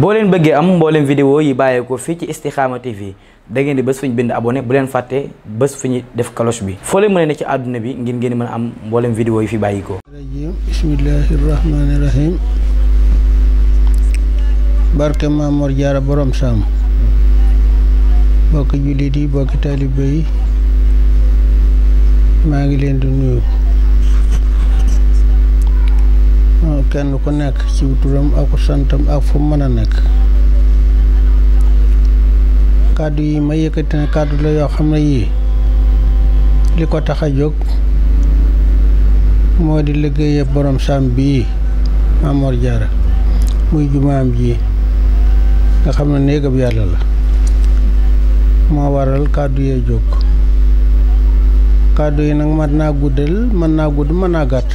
boo leen bëggee am mbooleem vidéo yi bàyyeekoo fii ci Istikhama TV da ngeen di bés fu bind abone bu leen fàtte bés fu ñu def cloche bi foo leen mën ne ci àdduna bi ngir ngeen mën a am mbooleem vidéo yi fi bàyyikoo rajim bismillahi rahmani rahim barke Maamoor Jaara borom saam bokki jullit yi bokk taalibe yi maa ngi leen du nuyu kenn ku nekk ci turam ak santam ak fu mën a nekk kàddu yi ma yëkkati ne kàddu la yoo xam ne yii li ko tax a jóg moo di liggéeyee borom saam bii Mamor Jaara muy jumaam ji nga xam ne néegab yàlla la moo waral kàddu yee jóg kàddu yi nag mën naa guddal mën naa gudd mën naa gàtt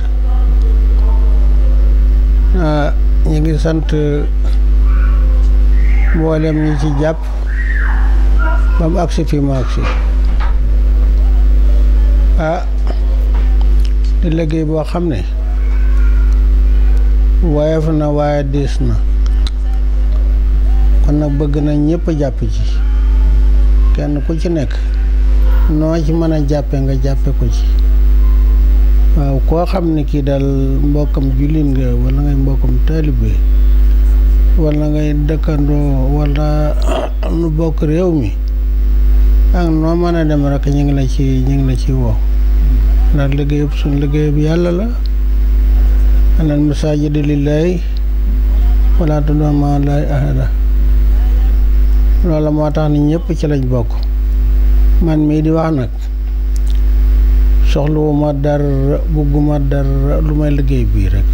Euh, ñu ngi sant mboolem ñi ci jàpp ba mu agsi fi mu agsi ah di liggéey boo xam ne woyof na waaye diis na kon nag bëgg na ñëpp jàpp ci kenn ku ci nekk noo ci mën a jàppe nga jàppe ko ci waaw koo xam ne kii dal mbokkam jullit nga wala ngay mbokkam taalibe wala ngay dëkkandoo wala nu bokk réew mi ak noo mën a dem rek ñu ngi la ci ñu ngi la ci woo ndax liggéeyub suñu liggéeyub yàlla la anal masaajida lillaahi wala tad'uu ma'a llaahi ahadaa loola moo tax ni ñëpp ci lañ bokk man mii di wax nag soxlawuma dara bëgguma dara lu may liggéey bii rek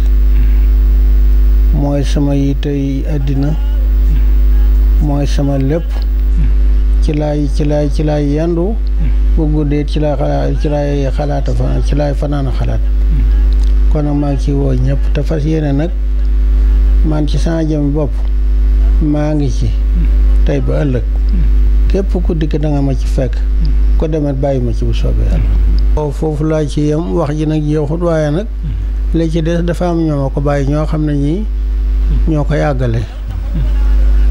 mooy sama yi tey àddina mooy sama lépp ci laay ci laay ci laay yendu bu guddee ci laay xalaat ci fanaan ci xalaat kon nag maa ngi ci woo ñëpp te fas yéene nag man ci sama jëmmi bopp maa ngi ci tey ba ëllëg képp ku dikk danga ma ci fekk ko demet bàyyi ma ci bu soobee yàlla foofu laa ci yem wax ji nag jeexut waaye nag la ci des dafa am ñoo ko bàyyi ñoo xam na ñii ñoo koy àggale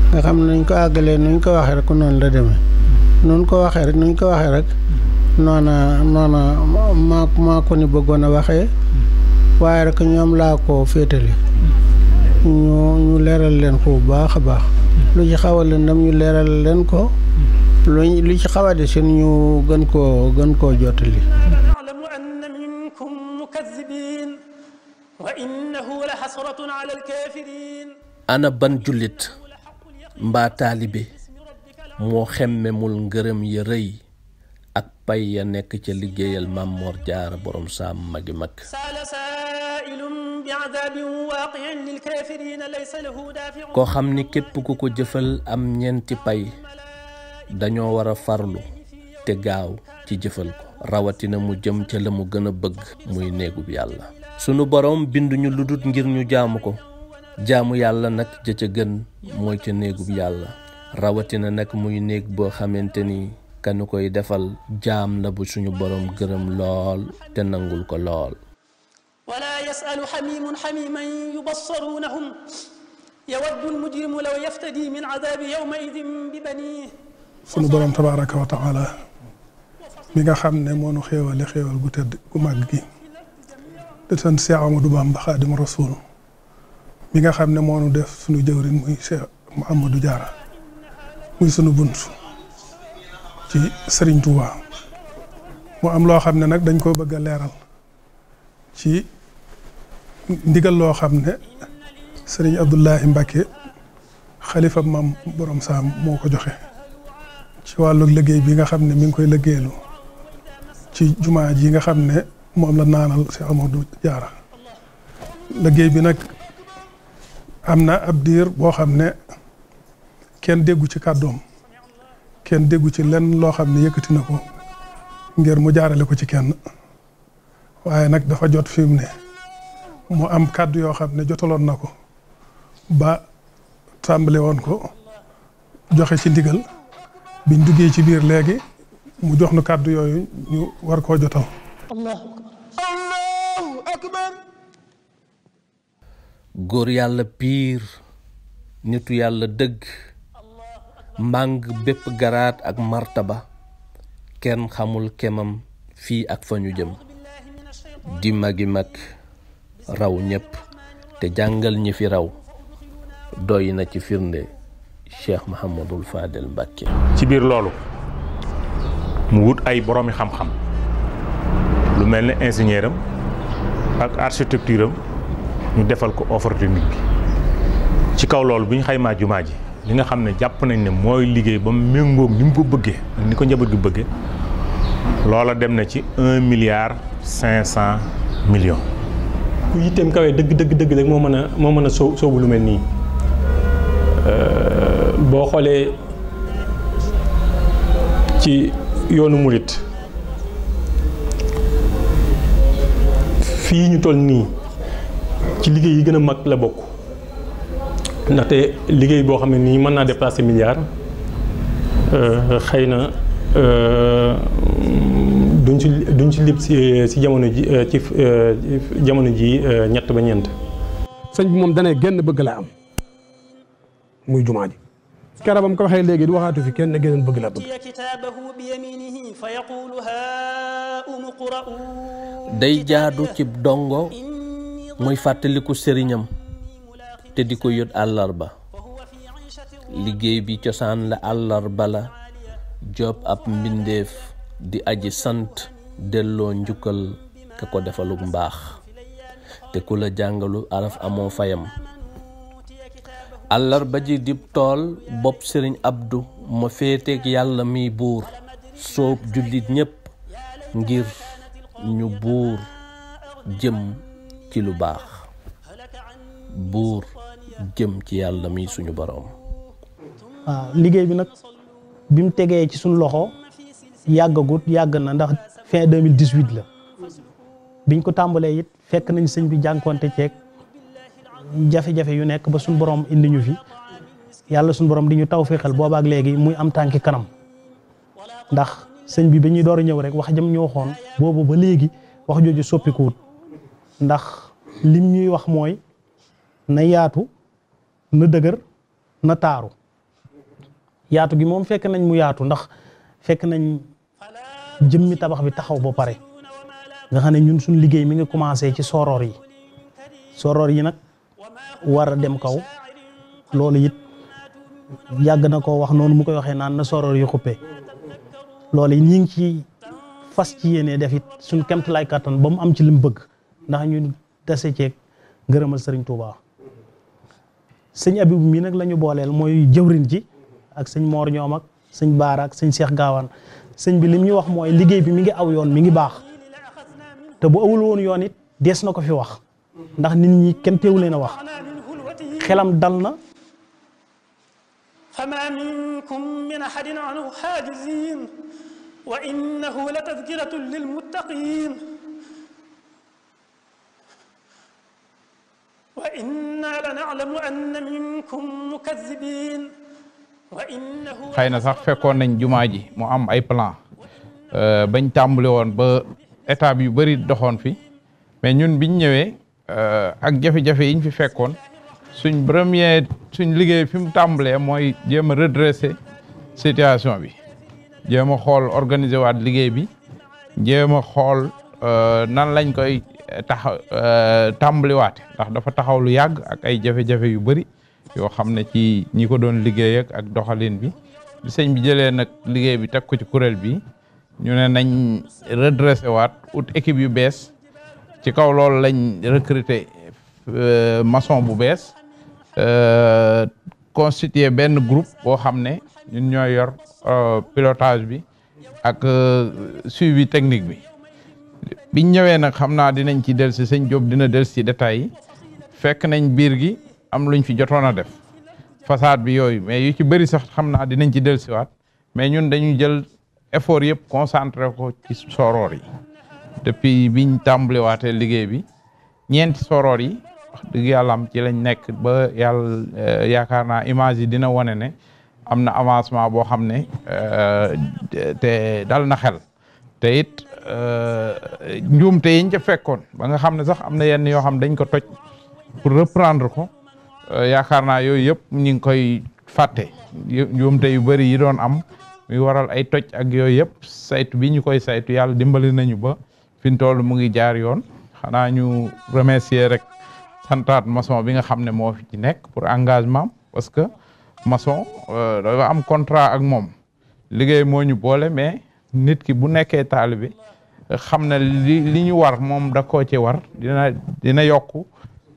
nga xam ne nuñ ko àggalee nuñ ko waxee rek noonu la demee nuñ ko waxee rek nuñ ko waxee rek noona noona maa maa ko ni bëggoon a waxe waaye rek ñoom laa ko féetale ñu ñu leeral leen ko bu baax a baax lu ci xawal leen ndam ñu leeral leen ko luñ lu ci xaw a des ñu gën koo gën koo jottali. ana ban jullit mbaa taalibe moo xemmemul ngërëm ya rëy ak pay ya nekk ca liggéeyal Mammoor Jaara borom saam magi mag koo xam ni képp ku ko jëfal am ñeenti pay dañoo wara farlu te gaaw ci jëfal ko rawatina mu jëm ca la mu gëna bëgg muy néegub yàlla sunu boroom binduñu lu ngir ñu jaamu ko jaamu yàlla nag ja ca gën mooy ca néegub yàlla rawatina nag muy néeg boo xamante ni kanu koy defal jaam la bu suñu boroom gërëm lool te nangul ko lool wala yasalu xamimun xamiman yubassaruunahum yawaddu almujrimu law yaftadi min adaabi yawmaidin bi baniih sunu borom tabaaraka wa taala mi nga xam ne moo nu xéewale xéewal gu tedd gu màgg gi te sant du Amadu Bamba Xaadimu Rasuul mi nga xam ne moo nu def sunu jëwrin muy Seex Muhammadu Jaara muy sunu bunt ci Sëriñ Tuubaa mu am loo xam ne nag dañ koo bëgg a leeral ci ndigal loo xam ne Sëriñ Abdullahi Mbàkke xalifa maam borom saam moo ko joxe ci wàllu liggéey bi nga xam ne mu ngi koy liggéeyalu ci jumaa ji nga xam ne moom la naanal Cheikh du Diarra liggéey bi nag am na ab diir boo xam ne kenn déggu ci kàddoom kenn déggu ci lenn loo xam ne yëkkati na ko ngir mu jaarale ko ci kenn waaye nag dafa jot fim ne mu am kàddu yoo xam ne jotaloon na ko ba tàmbale woon ko joxe ci ndigal biñ duggee ci biir léegi mu jox nu kàddu yooyu ñu war koo jotal. allahu góor yàlla piir nitu yàlla dëgg màng bépp garaat ak martaba kenn xamul kemam fii ak fa ñu jëm di magi mag raw ñépp te jàngal ñi fi raw doy na ci firnde Cheikh Mouhamadul Fadel Mbacke. ci biir loolu mu wut ay boroomi xam-xam lu mel ni ingénieur am ak architecture am ñu defal ko offre technique bi ci kaw loolu bu ñu xaymaa jumaa ji li nga xam ne jàpp nañ ne mooy liggéey ba mu méngoog ni mu ko bëggee ak ni ko njaboot gi bëggee loola dem na ci un milliard cinq cent millions. yitteem kawee dëgg dëgg dëgg rek moo mën a moo mën a soo soobu lu mel nii. Euh, boo xoolee ci yoonu murit fii ñu toll nii ci liggéey yi gën a mag la bokk ndaxte liggéey boo xam ne nii mën naa déplacer milliard euh, xëy na euh, duñ ci duñ ci lib si euh, jamono ji ci jamono ji ñett ba ñeent. sëñ bi moom danay genn bëgg laa am muy jumaa ji. kera ba mu ko léegi di waxaatu fi kenn gëneen bëgg la bëgg day jaadu ci dongo muy fàttaliku sëriñam te di ko yót àllarba liggéey bi cosaan la àllarba la job ab mbindeef di aji sant delloo njukkal ka ko defaluk mbaax te ku la jàngalu araf amoo fayam àllarba ji dib tool bopp sëriñ abdu ma féeteeg yàlla mi buur soob jullit ñépp ngir ñu buur jëm ci lu baax buur jëm ci yàlla mi suñu boroom waaw liggéey bi nag bi mu tegee ci suñu loxo yàggagut yàgg na ndax fin 2018 la biñ ko tàmbalee it fekk nañ sëñ bi jànkonte ceeg jafe-jafe yu nekk ba suñu borom indi ñu fi yàlla suñu borom di ñu taw féexal boobaak léegi muy am tànki kanam ndax sëñ bi ba ñuy door a ñëw rek wax jëm ñu waxoon boobu ba léegi wax jooju soppikuwut ndax lim ñuy wax mooy na yaatu na dëgër na taaru yaatu gi moom fekk nañ mu yaatu ndax fekk nañ jëmmi tabax bi taxaw ba pare nga xam ne ñun suñ liggéey mi ngi commencé ci sooroor yi soroor yi nag war a dem kaw loolu it yàgg na ko wax noonu mu koy waxee naan na soror yu xuppe loolu it ñi ngi ci fas ci yéenee def it suñ kemt lay kàttan ba mu am ci li mu bëgg ndax ñu dase ceeg ngërëmal sëriñ Touba sëñ Abibu mii nag la ñu booleel mooy jëwrin ji ak sëñ Moor ñoom ak sëñ Baara sëñ Seex gaawan sëñ bi lim ñu wax mooy liggéey bi mi ngi aw yoon mi ngi baax te bu awul woon yoon it dees na ko fi wax ndax nit ñi kenn teewu leen a wax xelam dal na fama minkum min ahadin anhu xaajizin wa la tadkiratun lilmuttaqin wa inna la nalamu anna minkum mukazibin wa innahu xëy na sax fekkoon nañ jumaa ji mu am ay plan euh, bañ tàmbale woon ba étape yu bëri doxoon fi mais ñun biñ ñëwee euh, ak jafe-jafe yiñ fi fekkoon suñ premier suñ liggéey fi mu tàmbalee mooy jéem a redresser situation bi jéem a xool organiser waat liggéey bi jéem a xool euh, nan lañ koy tax euh, tàmbaliwaate ndax dafa taxaw lu yàgg ak ay jafe-jafe yu bëri yoo xam ne ci ñi ko doon liggéey ak ak doxalin bi bi sëñ bi jëlee nag liggéey bi teg ko ci kuréel bi ñu ne nañ redressé waat ut équipe yu bees ci kaw loolu lañ recruter euh, maçon bu bees Euh, constituer benn groupe boo xam ne ñun ñooy yor euh, pilotage bi ak euh, suivi technique bi biñ ñëwee nag xam naa dinañ ci delsi sëñ Diop dina delsi ci détails yi fekk nañ biir gi am luñ fi jotoon a def façade bi yooyu mais yu ci bëri sax xam naa dinañ ci delsiwaat mais ñun dañu jël effort yëpp concentré ko ci soroor yi depuis biñ tàmbaliwaatee liggéey bi ñeenti soroor yi wax dëgg yàlla am ci lañ nekk ba yàlla euh, yaakaar naa image yi dina wane ne am na avancement boo xam ne euh, te dal na xel te it euh, njuumte yiñ ca fekkoon ba nga xam ne sax am na yenn yoo xam dañ ko toj pour reprendre ko yaakaar naa yooyu yëpp ñu ngi koy fàtte njuumte yu bëri yi doon am muy waral ay toj ak yooyu yëpp saytu bi ñu koy saytu yàlla dimbali nañu ba fi mu ngi jaar yoon xanaa ñu remercier rek santaat maçon bi nga xam ne moo fi ci nekk pour engagement parce que maçon euh, dafa am contrat ak moom liggéey moo ñu boole mais nit ki bu nekkee taalibe xam ne li li ñu war moom da koo ci war dina dina yokku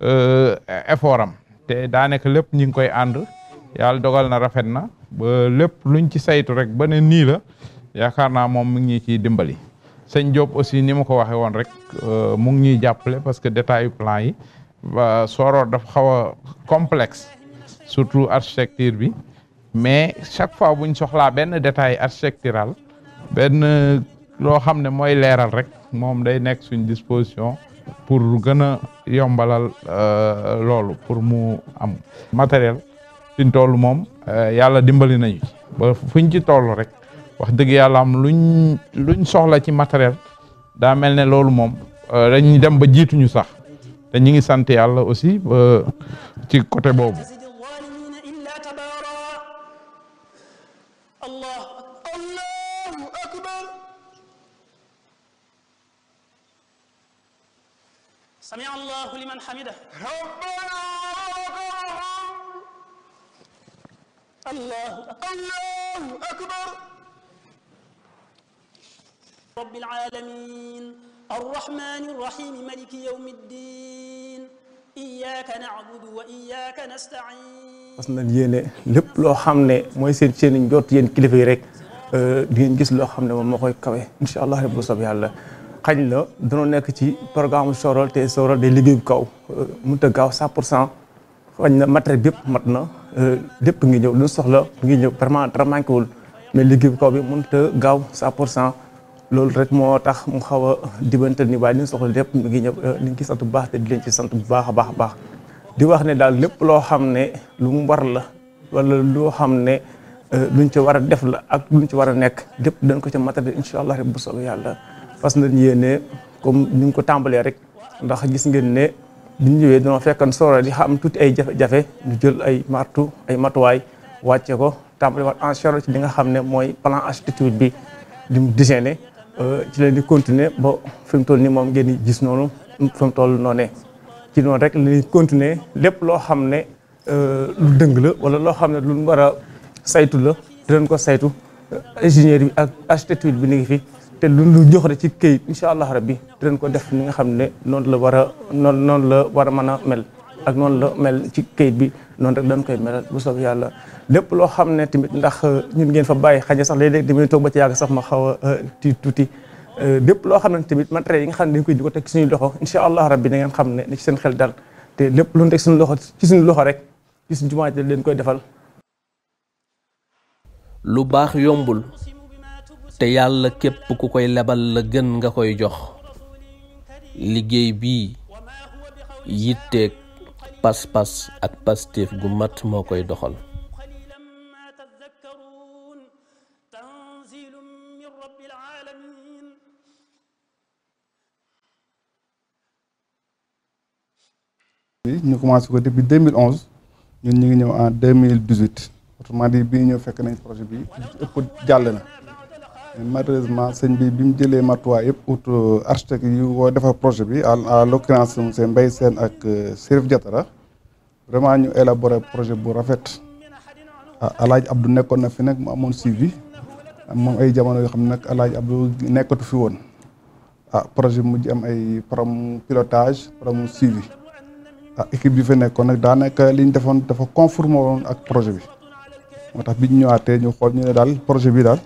euh, effort am te daanaka lépp ñu ngi koy ànd yàlla dogal na rafet na ba lépp luñ ci saytu rek ba ne nii la yaakaar naa moom mu ngi ciy dimbali sëñ Diop aussi ni ma ko waxee woon rek euh, mu ngi ñuy jàppale parce que détail plan yi Sooror dafa xaw a complexe surtout architecture bi mais chaque fois buñ soxlaa benn détail architectural benn loo xam ne mooy leeral rek moom day nekk suñ disposition pour gën a yombalal euh, loolu pour mu am matériel suñ toll moom euh, yàlla dimbali nañu ci fuñ ci toll rek wax dëgg yàlla am luñ luñ soxla ci matériel daa mel ne loolu moom euh, dañ dem ba jiituñu sax te ñi ngi sant yàlla aussi euh, ci côté boobu parce que nañ yéene lépp loo xam ne mooy seen seen i jot yéen kilifa yi rek euh, di ngeen gis loo xam ne moom moo koy kawe incha allah rek bu soob yàlla xañ la danoo nekk ci programme Soral te Soral day liggéey bu kaw euh, mënut a gaaw 100 pour cent na matériel bi mat na euh, lépp ngi ñëw lu soxla ngi ñëw vraiment dara manqué wul mais liggéey bu kaw bi mënut a gaaw 100 pour cent loolu rek moo tax mu xaw a dibante ni waaye li ñu soxla lépp ngi ñëw li ñu ngi sant bu baax te di leen ci sant bu baax a baax a baax di wax ne daal lépp loo xam ne lu mu war la wala loo xam ne euh, luñ ci war a def la ak luñ ci war a nekk lépp dañ ko ci matale incha allah rek bu soobee yàlla fas nañ yéene comme ni ñu ko tàmbalee rek ndax gis ngeen ne bi ñu ñëwee dañoo fekkan sóora di xam tuuti ay jafe-jafe ñu jël ay martu ay matuwaay wàcce ko tàmbale waat en charge ci nga xam ne mooy plan architecture bi di mu designé euh, ci leen di continuer bo fi mu toll nii moom ngeen di gis noonu fi mu toll noonee ci noonu rek lañuy continuer lépp loo xam ne euh, lu dëng la wala loo xam ne lu war a saytu la dinañ ko saytu ingénieur bi ak architecture bi ni ngi fi te lu lu jox rek ci këyit incha allah rabbi dinañ ko def ni nga xam ne noonu la war a noonu noonu la war a mën a mel ak noonu la mel ci këyit bi noonu rek dañ koy melal bu soobee yàlla lépp loo xam ne tamit ndax euh, ñun ngeen fa bàyyi xañ sax léeg-léeg damay toog ba ci yàgg sax ma xaw a euh, tiit tuuti lépp euh, loo xam ne tamit matériel yi nga xam ne dañ koy di ko teg suñu loxo incha allah rabbi da ngeen xam ne na ci seen xel dal te lépp lu teg suñu loxo ci loxo rek ci suñu jumaa ji leen koy defal lu baax yombul te yàlla képp ku koy lebal la gën nga koy jox liggéey bi yitteeg pas-pas ak pastéef gu mat moo koy doxal ñu commencé ko depuis 2011 ñun ñu ngi ñëw en mille 2018 autrement dit bi ñëw fekk nañ projet bi ëpp jàll na mais malheureusement sëñ bi bi mu jëlee matuwaay yëpp out euh, architecte yu woo defar projet bi à l'occurrence monsieur Mbaye seen ak euh, Serif Diatara vraiment ñu élaborer projet bu rafet ah, alaaj Abdou nekkoon na fi nag mu amoon suivi moom ay jamono yoo xam ne nag Alaaji Abdou nekkatu fi woon ah projet bi mujj am ay problème pilotage problème suivi ah équipe bi fi nekkoon nag daanaka li ñu defoon dafa conforme woon ak projet bi moo tax bi ñu ñëwaatee ñu xool ñu ne daal projet bi daal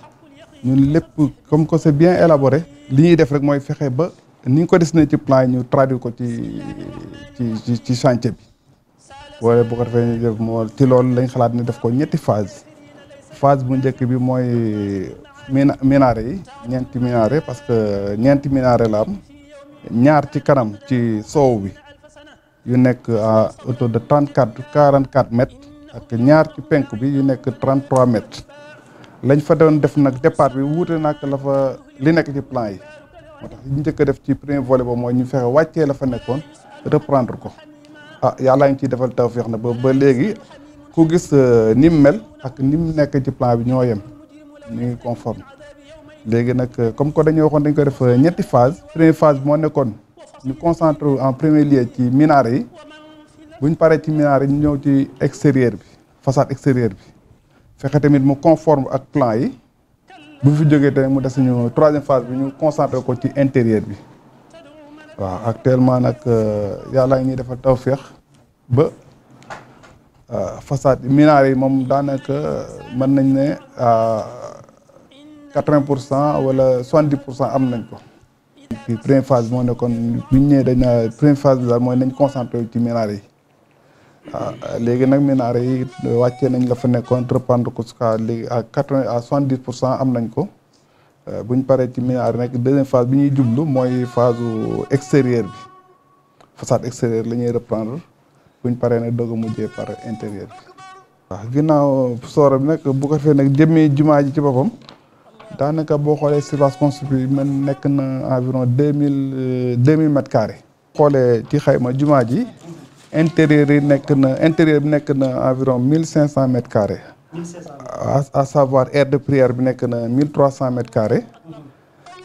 ñun lépp comme que c'est bien élaboré. li ñuy def rek mooy fexe ba ni ñu ko dessiné ci plan ñu traduire ko ci ci ci chantier bi wala bu ko defee ñu def moo ci loolu lañ xalaat ne def ko ñetti phase phase bu njëkk bi mooy minaret yi ñeenti minaret parce que ñeenti minaret la am ñaar ci kanam ci soow bi. yu nekk à hauteur de trente quatre quarante quatre mètres ak ñaar ci penk bi yu nekk trente trois mètres lañ fa doon def nag départ bi wuute nag la fa li nekk ci plan yi moo tax ñu njëkk def ci premier volet ba mooy ñu fexe wàccee la fa nekkoon reprendre ko ah yàlla ngi ciy defal tawfeex na ba ba léegi ku gis euh, ni mu mel ak ni mu nekk ci plan bi ñoo yem ñu ngi conforme léegi nag euh, comme que dañoo waxoon dañ ko def euh, ñetti phase première phase moo nekkoon. ñu concentré en premier lieu ci minaare yi bu ñu paree ci minaare yi ñu ñëw ci extérieur bi façade extérieure bi fexe tamit mu conforme ak plan yi bu fi jógee tamit mu des suñu troisième phase bi ñu concentré ko ci intérieur bi waaw actuellement nag euh, yàlla ngi defal tawféex ba euh, façade minaare yi moom daanaka euh, mën nañ ne quatre-vingt pour cent wala soixante-dix pour cent am nañ ko. puis première phase moo nekkoon bu ñu dañ naa première phase bi daal mooy nañ concentré ci minaare yi ah, léegi nag minaare yi wàccee nañ la fa nekkoon reprendre ko jusqu'à léegi à quatre vingt à soixante dix pour cent am nañ ko euh, bu ñu paree ci minaare nag deuxième phase bi ñuy jublu mooy phase extérieure bi façade extérieure la ñuy reprendre buñ paree nag doog a mujjee par intérieur bi. waaw ginnaaw soora bi nag bu fee nag jëmmi jumaa ji ci boppam. daanaka boo xoolee surface construite bi nekk na environ deux mille euh, deux mille mètres xoolee ci xayma jumaa ji intérieur yi nekk na intérieur bi nekk na environ mille cinq cent mètres carrés. à savoir aire de prière bi nekk na mille trois cent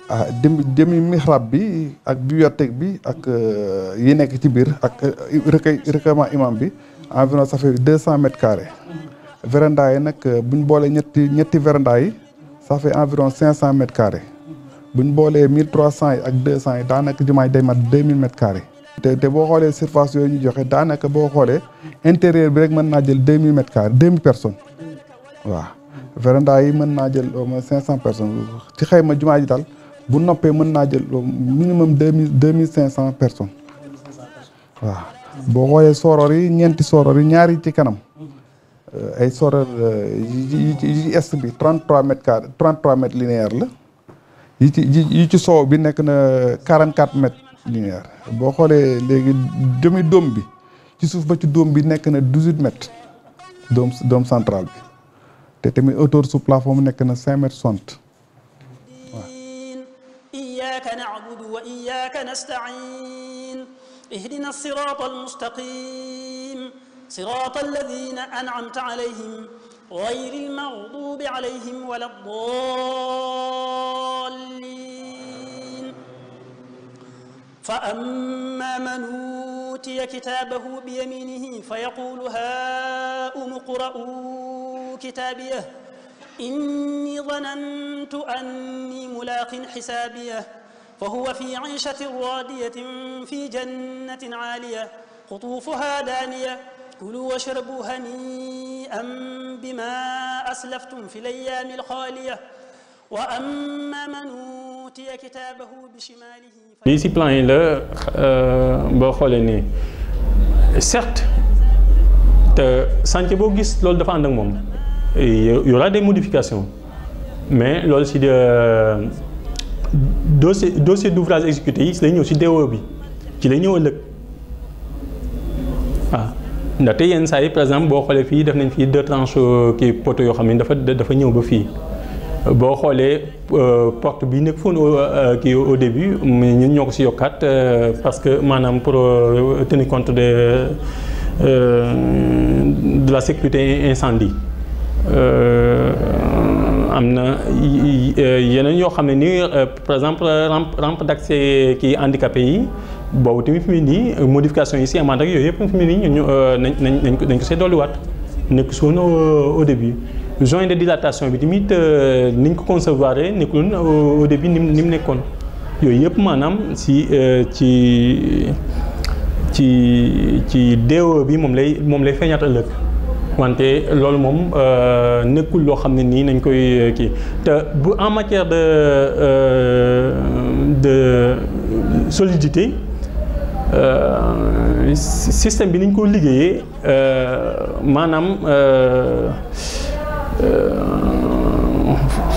ah demi demi mihrab bi ak bibliothèque bi ak euh, yi nekk ci biir ak euh, recueil recueillement imam bi environ ça fait deux cent mètres carrés. véranda yi nag buñ boole ñetti ñetti véranda yi. ça fait environ cinq cent mètres carrés bu ñu boolee mille trois cent yi ak deux cent yi daanaka jumaa ji day mat deux mille te boo xoolee surface yooyu ñu joxe daanaka boo xoolee intérieur bi rek mën naa jël deux mille mètres carrés deux mille personnes waaw véranda yi mën naa jël au moins cinq cent personnes ci xayma jumaa ji daal bu noppee mën naa jël minimum deux mille deux mille cinq cent personnes waaw boo xoolee sooro yi ñeenti sooro yi ñaari ci kanam Euh, ay sorel euh, yi ci yi ci est bi 33 mètres carré mètres linéaire la yi ci soow bi nekk na 44 mètres linéaire boo xoolee léegi demi dóom bi ci suuf ba ci dóom bi nekk na 18 mètres doom dóom central bi te tamit hauteur sous plafond nekk na 5 mètres 60 waaw. إياك نعبد وإياك نستعين اهدنا الصراط المستقيم صراط الذين أنعمت عليهم غير المغضوب عليهم ولا الضالين فأما من أوتي كتابه بيمينه فيقول هاؤم اقرءوا كتابيه إني ظننت أني ملاق حسابيه فهو في عيشة راضية في جنة عالية قطوفها دانية كلوا واشربوا هنيئا بما أسلفتم في الأيام الخالية وأما من أوتي كتابه بشماله lii si plan yi la euh, boo xoolee nii certes te chantier boo gis loolu dafa ànd ak moom y aura des modifications mais loolu ci euh, dossier dossier d'ouvrage exécuté yi si lay ñëw si DO e bi ci lay ñëw ëllëg ndaxte yenn saa yi par exemple boo xoolee fii def nañ fii deux tranches euh, kii poteaux yoo xam ne dafa dafa ñëw ba fii boo xoolee euh, porte bi nekk foon euh, kii au début ñun ñoo ko si yokkaat parce que maanaam pour tenir compte de de la sécurité incendie am na yeneen yoo xam ne nii par exemple rampe rampe d'accès kii handicapé yi boobu tamit fi mu nii euh, modification yi si amaat ak yooyu yëpp fi mu nii euh, nañ nañ ko nañ ko nekk dolliwaat nekk suñu euh, au bi join de dilatation bi tamit niñ ko concevoir nekkul au début ni mu nekkoon yooyu yëpp maanaam si ci ci ci DO bi moom lay moom lay feeñaat ëllëg. wante loolu moom nekkul loo xam ne nii nañ koy kii te bu en matière de de solidité Euh, système bi niñ ko liggéeyee euh, maanaam euh,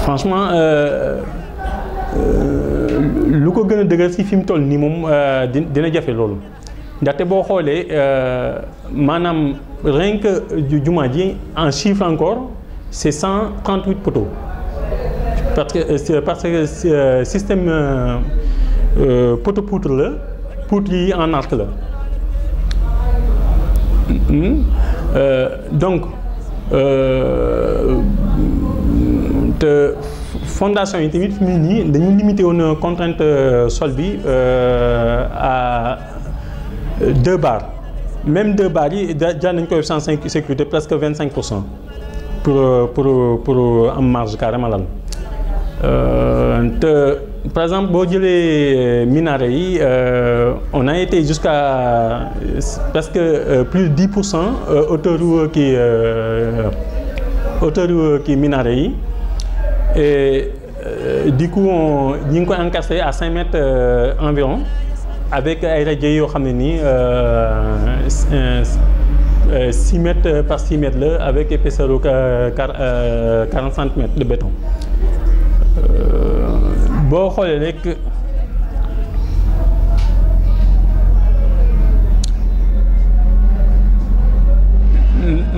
franchement lu ko gën a dëgër si fi mu toll nii moom dina jafe loolu ndaxte boo xoolee maanaam rien que jumaa ji en chiffre encore c'est 138 poteaux parce que parce que système poteau poutre la poutres yi en arc la hmm? euh, donc euh, te fondation yi tamit fi mu nii dañu limité woon contrainte euh, sol bi à deux barres même deux barres yi jaar nañ koy cent cinq sécurité presque vingt cinq pour cent pour pour pour am marge carrément lan te par exemple boo jëlee euh, minaret yi euh, on a été jusqu'à euh, presque plus de dix pour cent hauteur kii hauteur kii minaret yi e du coup on ñu ngi ko encastré à cinq mètres environ avec ay rajo yoo xam ne nii six mètres par six mètres la avec épaisseur quarante centimètres de béton. boo xoolee rek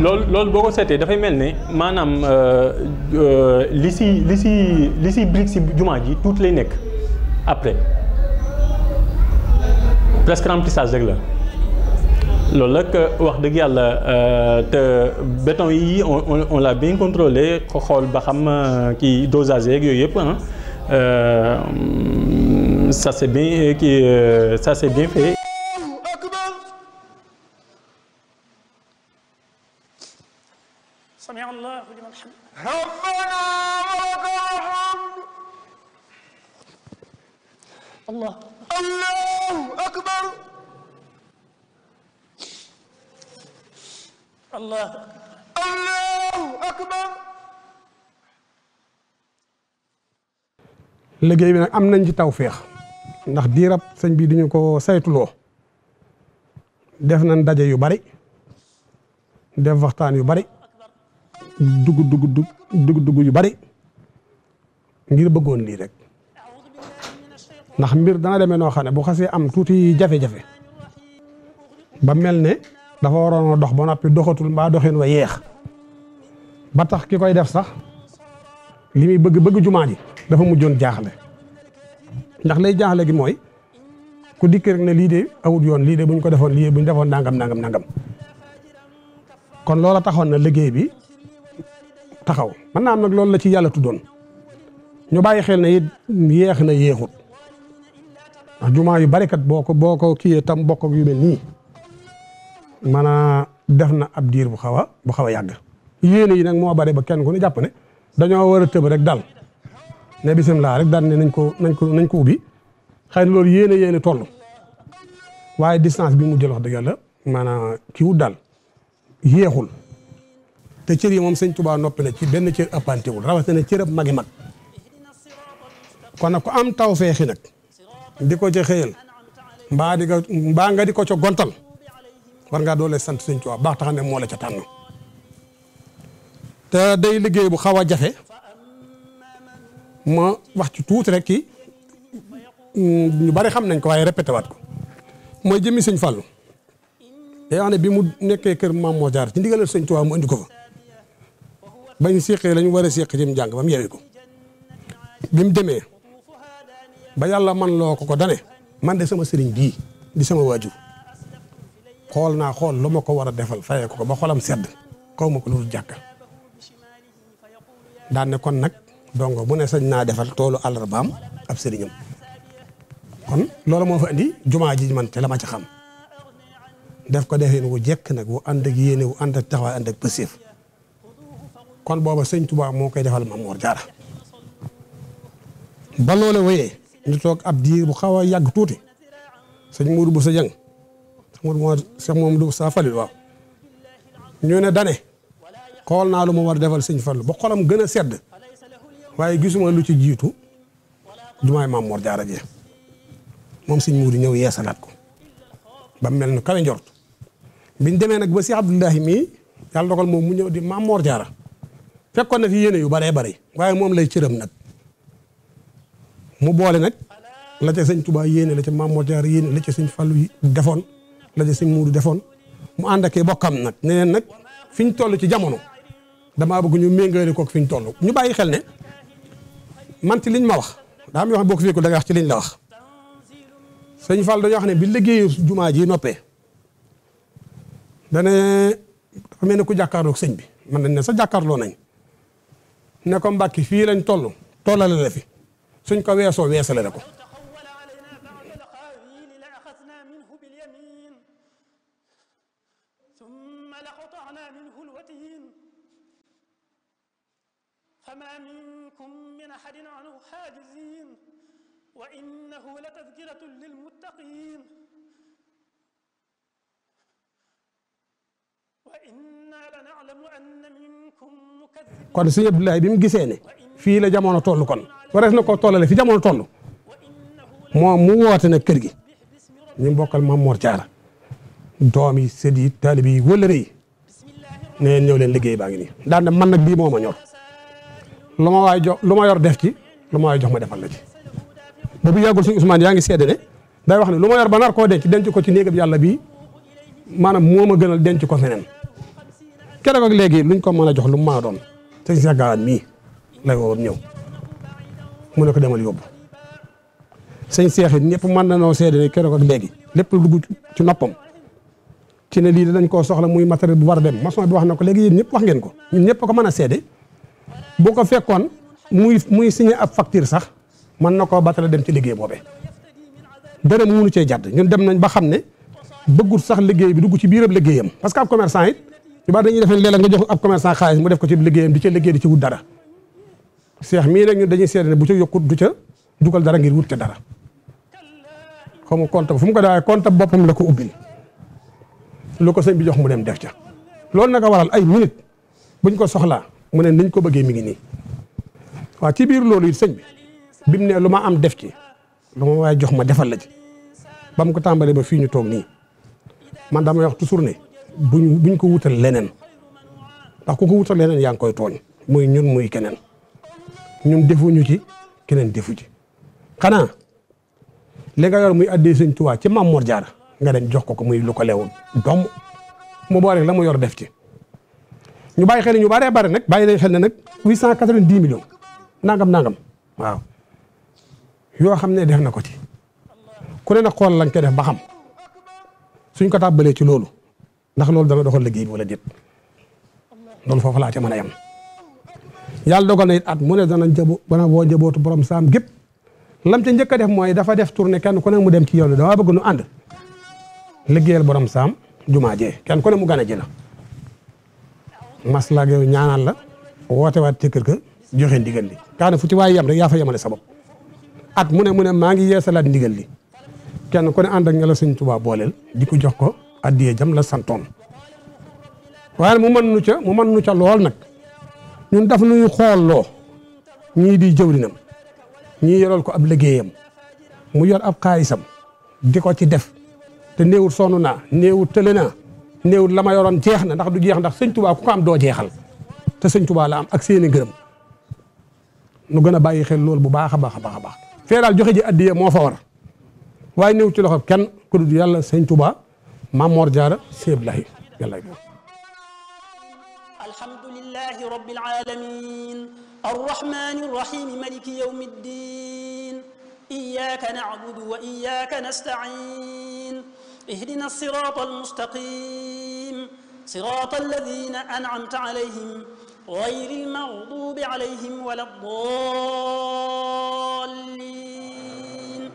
loolu loolu boo ko seetee dafay mel ni maanaam euh, euh, li si li si li si brique si jumaa ji tuuti lay nekk après presque remplissage rek la loolu nag euh, wax dëgg yàlla te béton yi on on l'a bien contrôlé xool ba xam kii dosage yeeg yooyu yëpp Euh, ça c'est bien euh, qui euh, ça c'est bien fait liggéey bi nag am nañ ci taw feex ndax diirab sëñ bii duñu ko saytuloo def nañ daje yu bari def waxtaan yu bari dugg dugg dugg dugg yu bari ngir bëggoon lii rek ndax mbir dana deme noo xam ne bu xasee am tuuti jafe-jafe ba mel ne dafa waroon a dox ba noppi doxatul mbaa doxin wa yeex ba tax ki koy def sax li muy bëgg bëgg jumaa ji dafa mujjoon jaaxle ndax lay jaaxle gi mooy ku dikk rek ne lii de awut yoon lii de buñ ko defoon lii ñu defoon nangam nangam nangam kon loola taxoon na liggéey bi taxaw mën naa am nag loolu la ci yàlla tuddoon ñu bàyyi xel na it yéex na yéexut ndax jumaa yu bari kat boo ko boo ko kiiyee tam bokk yu mel nii man a def na ab diir bu xaw a bu xaw a yàgg yéene yi nag moo bari ba kenn ku ne jàpp ne dañoo war a tëb rek dal ne bisimilah rek daan ne nañ ko nañ ko nañ ko ubbi xëy na loolu yéene yéene toll waaye distance bi mu jël wax dëgg yàlla maanaam kii wut daal yéexul te cër yi moom sëñ Tuubaa noppi na ci benn cër ëppantewul rawatina cërëb magi mag kon nag ku am taw feexi nag di ko ca xëyal mbaa nga di ko ca gontal war nga doole sant sëñ Tuubaa baax tax ne moo la ca tànn te day liggéey bu xaw a jafe ma wax ci tuuti rek ki mm, ñu bari xam nañ ko waaye répété waat ko mooy jëmmi sëñ fal day wax ne bi mu nekkee kër mam moo jaar ci ndigalal sëñ Tuubaa mu andi ko fa bañ seqee lañu war a seq jëm jàng ba mu yewi ko bi mu demee ba yàlla man loo ko ko dane man de sama sëriñ bii di sama waajur xool naa xool lu ma ko war a defal fayee ko ko ba xolam sedd kaw ma ko lu dul jàkka daan kon nag donc bu ne sañ naa defal toolu àllarbaam ab sëriñam kon loolu moo fa indi jumaa ji man te la ma ci xam def ko defeen wu jekk nag wu ànd ak yéene wu ànd ak taxawaay ànd ak kon booba sëñ Tuubaa moo koy defal Maam Moor Jaara ba loole wéyee ñu toog ab diir bu xaw a yàgg tuuti sëñ Mourou bu sa jàng Mourou moo sax moom du saa falil waaw ñu ne dane xool naa lu mu war defal sëñ Fallu ba xolam gën a sedd waaye gisuma lu ci jiitu jumaay maam Mor Jaara ji moom sëñ Muudu ñëw yeesa naat ko ba mel ni kawe njort biñ demee nag ba si Abdullahi mii yàlla moom mu ñëw di maam Mor Jaara fekkoon na fi yéene yu baree bare waaye moom lay cëram nag mu boole nag la ca sëñ Tuubaa yéene la ca maam Mor Jaara la ca sëñ Fallu defoon la ca sëñ Muudu defoon mu ànd ak bokkam nag ne nag fiñ toll ci jamono damaa bëgg ñu méngale kook fiñ toll ñu bàyyi xel ne man ci liñ ma wax daa am yoo xam ne boo ko fekkul da nga wax ci liñ la wax sëñ Fall dañoo wax ne bi liggéeyu jumaa ji noppee dane dafa mel ne ku jàkkaarloog sëñ bi man nañ ne sa jàkkaarloo nañ ne ko mbàkki fii lañ toll tollale la fi suñ ko weesoo weesale la ko أحد عنه حاجزين وإنه لتذكرة للمتقين kon sëñ Abdoulaye bi mu gisee ne fii la jamono toll kon warees na ko tollale fi jamono toll moom mu woote nag kër gi ñu bokkal Maam Mor Jaara doom yi sët yi taalibe yi wëllëre yi ne ñëw leen liggéey baa ngi nii daan na man nag bii moo ma ñor lu ma waay jox lu ma yor def ci lu ma jox ma defal la ci boobu yàggul suñu Ousmane yaa ngi seede ne day wax ne lu ma yor ba koo denc denc ko ci néegam yàlla bii maanaam moo ma gënal denc ko feneen keroog ak léegi luñ ko mën a jox lu mu mën a doon sëñ Cheikh Gawane mii lay woo ñëw mu ne ko demal yóbbu sëñ Cheikh ñëpp mën nañoo seede ne keroog ak léegi lépp lu dugg ci noppam ci ne lii dañ koo soxla muy matériel bu war a dem maçon bi wax na ko léegi yéen ñëpp wax ngeen ko ñun ñëpp ko mën a seede boo ko fekkoon muy muy signé ab facture sax mën na koo batale dem ci liggéey boobee dara mu mënu cee jàdd ñun dem nañ ba xam ne bëggut sax liggéey bi dugg ci biir liggéeyam parce que ab commerçant it yu bari dañuy defee léeg jox ab commerçant xaalis mu def ko ci liggéeyam di ca liggéey di ci mii nag dañuy seede bu ca yokkut du ca dugal dara ngir wut ca dara xaw ma compte fu ko ko daawee compte boppam la ko ubbil lu ko sëñ bi jox mu dem def ca loolu nag a waral ay minute buñ ko soxlaa mu ne niñ ko bëggee mi ngi nii waaw ci biir loolu it sëñ bi bi mu ne lu ma am def ci lu ma waaye jox ma defal la ci bam ko tàmbali ba fii ñu toog nii man dama wax toujours ne buñ buñ ko wutal leneen ndax ku ko wutal leneen yaa ngi koy tooñ muy ñun muy keneen ñun defuñu ci keneen defu ci xanaa li nga yor muy addee sëñ Tuubaa ci Maam Mor Jaara nga dem jox ko ko muy lu ko leewoon doom mu boole la mu yor def ci ñu bàyyi xel ñu bëree bëri nag bàyyi leen xel ne nag huit cent quatre-vingt-dix millions nangam nangam waaw yoo xam ne def na ko ci ku ne nag xool lañ koy def ba xam suñ ko tàbbalee ci loolu ndax loolu dana doxal liggéey bi wala déet loolu foofu laa ca mën a yem. yàlla dogal na it at mu ne dana jabo bana boo jabootu borom saam gépp lam ca njëkk a def mooy dafa def tournée kenn ku ne mu dem ci yoon bi dama bëgg nu ànd liggéeyal borom saam jumaa jee kenn ku ne mu gën a ji maslaa ak yow ñaanal la woote waat ci kër ga joxe ndigal li kaana fu ci waay yam rek yaa fa yemale bopp at mu ne mu ne maa ngi yeesalaat ndigal li kenn ku ne ànd ak nga tubaab sëñ booleel di ko jox ko addiye jam la santoon waaye mu mën nu ca mu mën nu ca lool nag ñun daf nuy xool loo ñii di jëwrinam ñii yoral ko ab liggéeyam mu yor ab xaalisam di ko ci def te néewul sonn naa néewul tële naa néewul la ma yoroon na ndax du jeex ndax sëñ ku ko doo jeexal te sëñ tubaa la am ak seeni ngërëm nu gën a bàyyi xel lool bu baax a baax a baax a baax fee daal joxe ji addiya moo fa war waaye néew ci loxo kenn ku dul yàlla sëñ tubaa maam Mor seeb lahi yàlla alhamdulillahi rabbil alamin arrahmani rrahim maliki yawmi ddin iyyaka na'budu wa iyyaka nasta'in اهدنا الصراط المستقيم صراط الذين أنعمت عليهم غير المغضوب عليهم ولا الضالين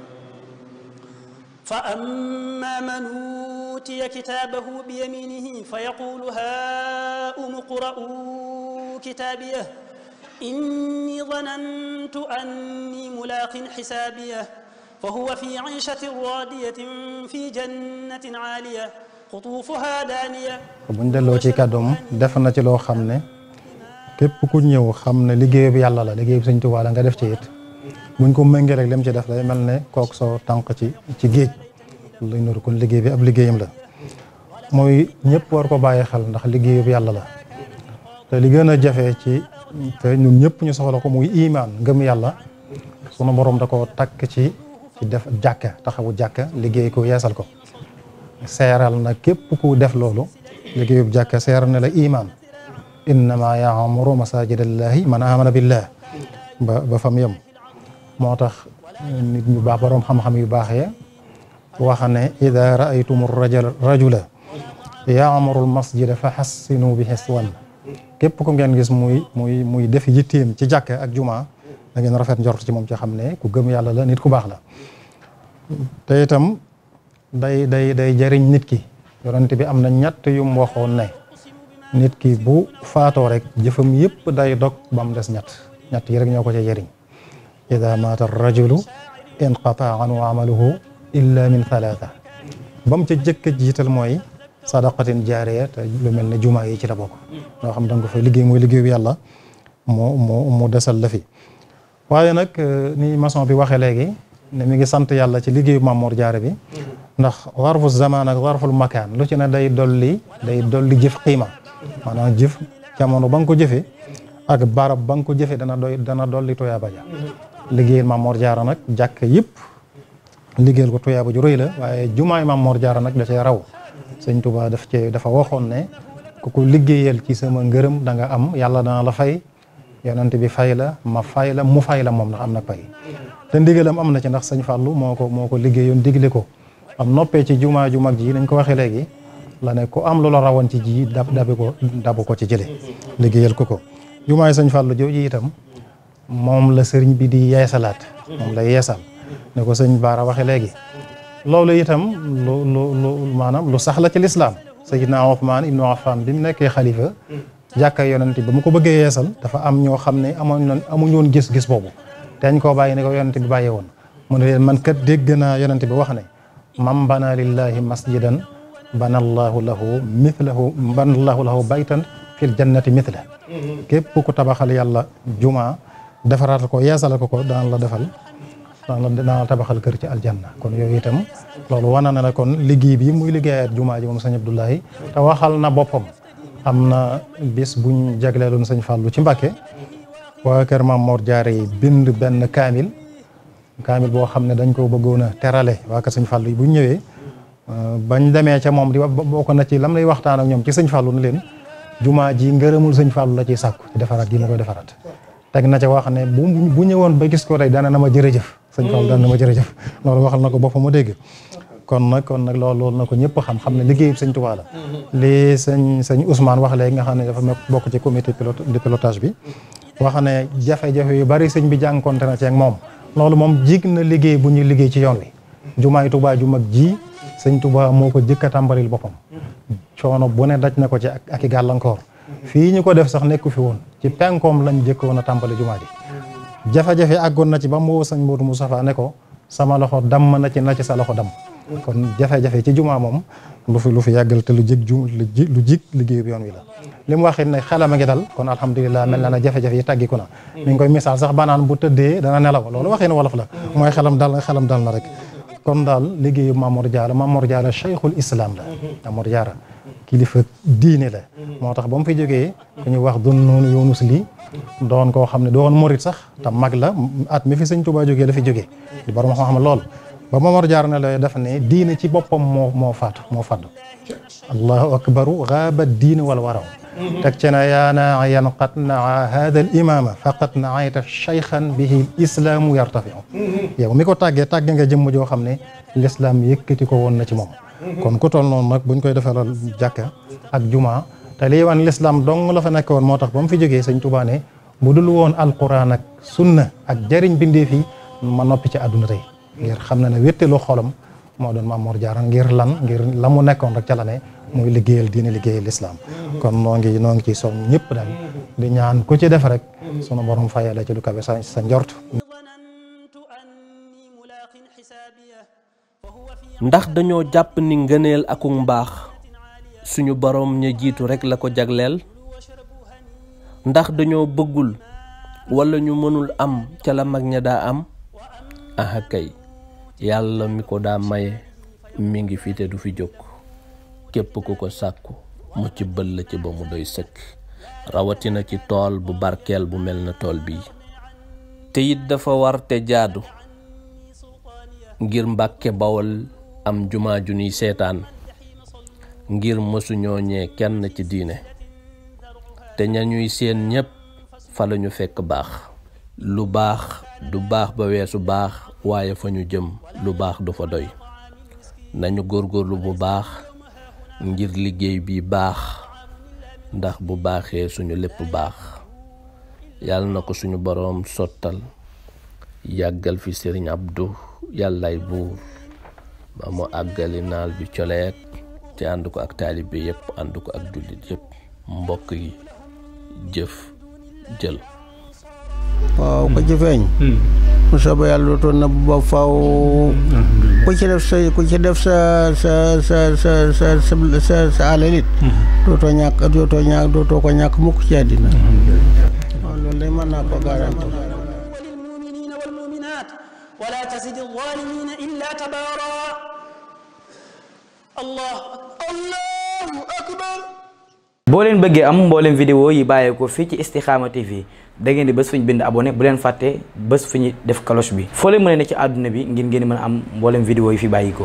فأما من أوتي كتابه بيمينه فيقول هاؤم اقرءوا كتابيه إني ظننت أني ملاق حسابيه فهو في عيشة راضية في جنة عالية خطوفها دانية buñ delloo ci kàddoom def na ci loo xam ne képp ku ñëw xam ne liggéey bi yàlla la liggéey bi Sëñ Tuubaa la nga def ci it buñ ko méngee rek lim ci def la mel ne kook soo tànk ci ci géej luy nuru kon liggéey bi ab liggéeyam la mooy ñëpp war ko bàyyi xel ndax liggéey bi yàlla la te li gën jafe ci te ñun ñu soxla ko muy imaan ngëm yàlla sunu borom da ko takk ci def jàkka taxawu jàkka liggéey ko yeesal ko seeral na képp ku def loolu bu jàkka seeral na la iman innama yaamuru masajidallahi man amana billah ba ba fam yem moo tax nit ñu baax boroom xam-xam yu baax ya wax ne ida raaytum rajul ma yaamuru almasjida fa xassinu bi xiswan képp ku ngeen gis muy muy muy def yitteem ci jàkka ak jumaa da rafet njort ci moom xam ne la nit ku baax la te itam day day day jariñ nit ki yonent bi am na ñett yu mu waxoon ne nit ki bu faatoo rek jëfam yëpp day dog ba mu des ñett ñett yi rek ñoo ko ce jariñ ida maata rajulu inqataa anhu amaluhu illa min thalatha ba mu ca jëkk jiital mooy sadaqatin jaariya te lu mel ne jumaa yi ci la bokk loo xam danga fo liggéey mooy liggéey bi yàlla mu mu mu desal la fi waaye nag eh, ne mi ngi sant yàlla ci liggéeyu Mamour Diarra bi ndax warfu zaman ak warful makaan lu ci ne day dolli day dolli jëf ma maanaam jëf jamono ba nga ko jëfee ak barab ba nga ko jëfee dana doy dana dolli tuyaaba ja liggéeyal Mamour Diarra nag jàkk yëpp liggéeyal ko tuyaaba ju rëy la waaye jumaay Mamour Diarra nag da cee raw sëñ Tuba def cee dafa waxoon ne ku ku liggéeyal ci sama ngërëm danga am yàlla dana la fay yonent bi fay la ma fay la mu fay la moom ndax am na pay te ndigalam am na ci ndax sëñ Fallou moo ko moo ko liggéeyoon digle ko am noppee ci jumaa ju mag ji nañ ko waxee léegi la ne ko am lu la rawoon ci ji dab dabi ko dabu ko ci jële liggéeyal ko ko jumaa yi sëñ Fallou ji itam moom la sëriñ bi di yeesalaat moom la yeesal ne ko sëñ Baara waxee léegi loolu itam lu lu lu maanaam lu sax la ci lislaam Sayyidina Uthman ibnu Affan bi mu nekkee xalifa jàkka yonent ba mu ko bëggee yeesal dafa am ñoo xam ne amoon amuñu woon gis-gis boobu dañ koo bàyyi ne ko yonente bi bàyyee woon mu ne leen man kat dégg naa yonente bi wax ne man bana lillahi masjidan bana allahu lahu mithlahu bana allahu lahu baytan fil jannati mithla képp ku tabaxal yàlla juma defaraat ko yeesal ko ko daan la defal na la tabaxal kër ci aljanna kon yooyu itam loolu wana na ne kon liggéey bi muy liggéeyaat juma ji moom sëñ Abdoulahi te waxal na boppam am na bis buñ jagleeloon sëñ Fallou ci Mbàkke waa kër Maam Mor Jaare bind benn kaamil kaamil boo xam ne dañ ko bëggoon a terale waa kër sëñ Fallou yi bu ñëwee euh, bañ demee ca moom di bokk na ci lam lay waxtaan ak ñoom ci sëñ Fallou na leen jumaa ji ngërëmul sëñ Fallou la ciy sàkku defaraat gi ma koy defaraat teg na ca wax ne bu bu ñëwoon ba gis ko tey dana na ma jërëjëf sëñ Fallou dana na ma jërëjëf loolu waxal na ko boppam ma dégg kon nag kon nag loolu loolu na ko ñëpp xam xam ne liggéeyub sëñ Tuubaa la mm-hmm. lii sëñ sëñ Ousmane wax léegi nga xam ne dafa bokk ci comité de pilotage bi wax ne jafe-jafe yu bari sëñ bi jànkonte na ci ak moom loolu moom jig na liggéey bu ñuy liggéey ci yoon wi jumaay Tuubaa ju mag ji sëñ Tuubaa moo ko jëkk a tàmbalil boppam coono bu ne daj na ko ci ak i gàllankoor fii ñu ko def sax nekku fi woon ci penkoom lañ woon a tàmbali jumaa ji jafe-jafe àggoon na ci ba mu woo sëñ Moodu Mustafaa ne ko sama loxo damm na ci na ci sa loxo damm kon jafe-jafe ci jumaa moom lu fi lu fi yàggal te lu jig ju lu jig bi yoon wi la li mu waxit ne xelam a ngi dal kon alhamdulilah mel na ne jafe-jafe yi na koy misaal sax banaan bu tëddee dana nelaw loolu waxee ne wolof la mooy xelam dal xelam dal na rek kon daal liggéeyu ma Diarra Mamour Diarra cheikhul islam la Mamour Diarra kilifa diine la moo tax ba mu fi jógee ku ñu wax dun noonu yoonus lii doon koo xam ne doon morit sax ta mag la at mi fi sëñ Tuubaa jógee la fi jógee di borom xam-xam lool ba Mamor Jaar na lay def ne diine ci boppam moo moo faatu moo faddu allahu akbaru gaaba diin wal waraw teg ce na yaana yan qad naa hada al imama faqad naayta cheykhan bihi l islaamu yartafiu yow mi ko tàggee tàggee nga jëmm joo xam ne l'islaam yëkkati ko woon na ci moom kon ku toll noonu nag buñ koy defaral jàkka ak jumaa te lii wan lislaam dong la fa nekk woon moo tax ba mu fi jógee sëñ Tuubaa ne bu dul woon alquran ak sunna ak jëriñ bindee fi ma noppi ci àdduna tey ngir xam na ne wéttalu xolam moo doon Maam Mor ngir lan ngir la nekkoon rek ca la ne muy liggéeyal diine liggéeyal lislaam kon noo noo ngi ci som ñëpp daal di ñaan ku ci def rek sunu borom fayee la lu kawe sa sa ndax dañoo jàpp ni ngëneel ak mbaax suñu borom ña jiitu rek la ko jagleel ndax dañoo bëggul wala ñu mënul am ca la mag ña daa am aha yàlla mi ko daa maye mi ngi fi te du fi jóg képp ku ko sàkku mu ci bëll ci ba mu doy sëkk rawatina ci tool bu barkeel bu mel na tool bii te it dafa war te jaadu ngir mbàkke bawal am jumaa ju ñuy seetaan ngir mësuñoo ñee kenn ci diine te ña ñuy seen ñépp fa lañu fekk baax lu baax du baax ba weesu baax waaye fa ñu jëm lu baax du fa doy nañu góor góorlu bu baax ngir liggéey bi baax ndax bu baaxee suñu lépp baax yàlla na ko suñu boroom sottal yàggal fi sëriñ Abdu yàllaay buur ba mu àggali naal bi coleek te ànd ko ak taalibe yépp ànd ko ak jullit yépp mbokk yi jëf jël waaw ko jëfeeñ hmm. ku sooba yàlla dootoon na bu ba faw ku ci def sa ku ci def sa sa sa sa sa sa sa alalit mm-hmm. dootoo ñàkk dootoo ñàkk dootoo ko ñàkk mukk ci àddina mm-hmm. waaw loolu day mën naa ko garanti walilmuminina walmuminat wala tazid alzalimina illa tabara allah allahu akbar boo leen bëggee am mbooleem vidéo yi bàyyeekoo fii ci Istikhama TV da ngeen di bés fu ñu bind abonné bu leen fàttee bés fu ñu def cloche bi foo leen mën ne ci àdduna bi ngir ngeen mën am mboolem vidéo yi fi bàyyikoo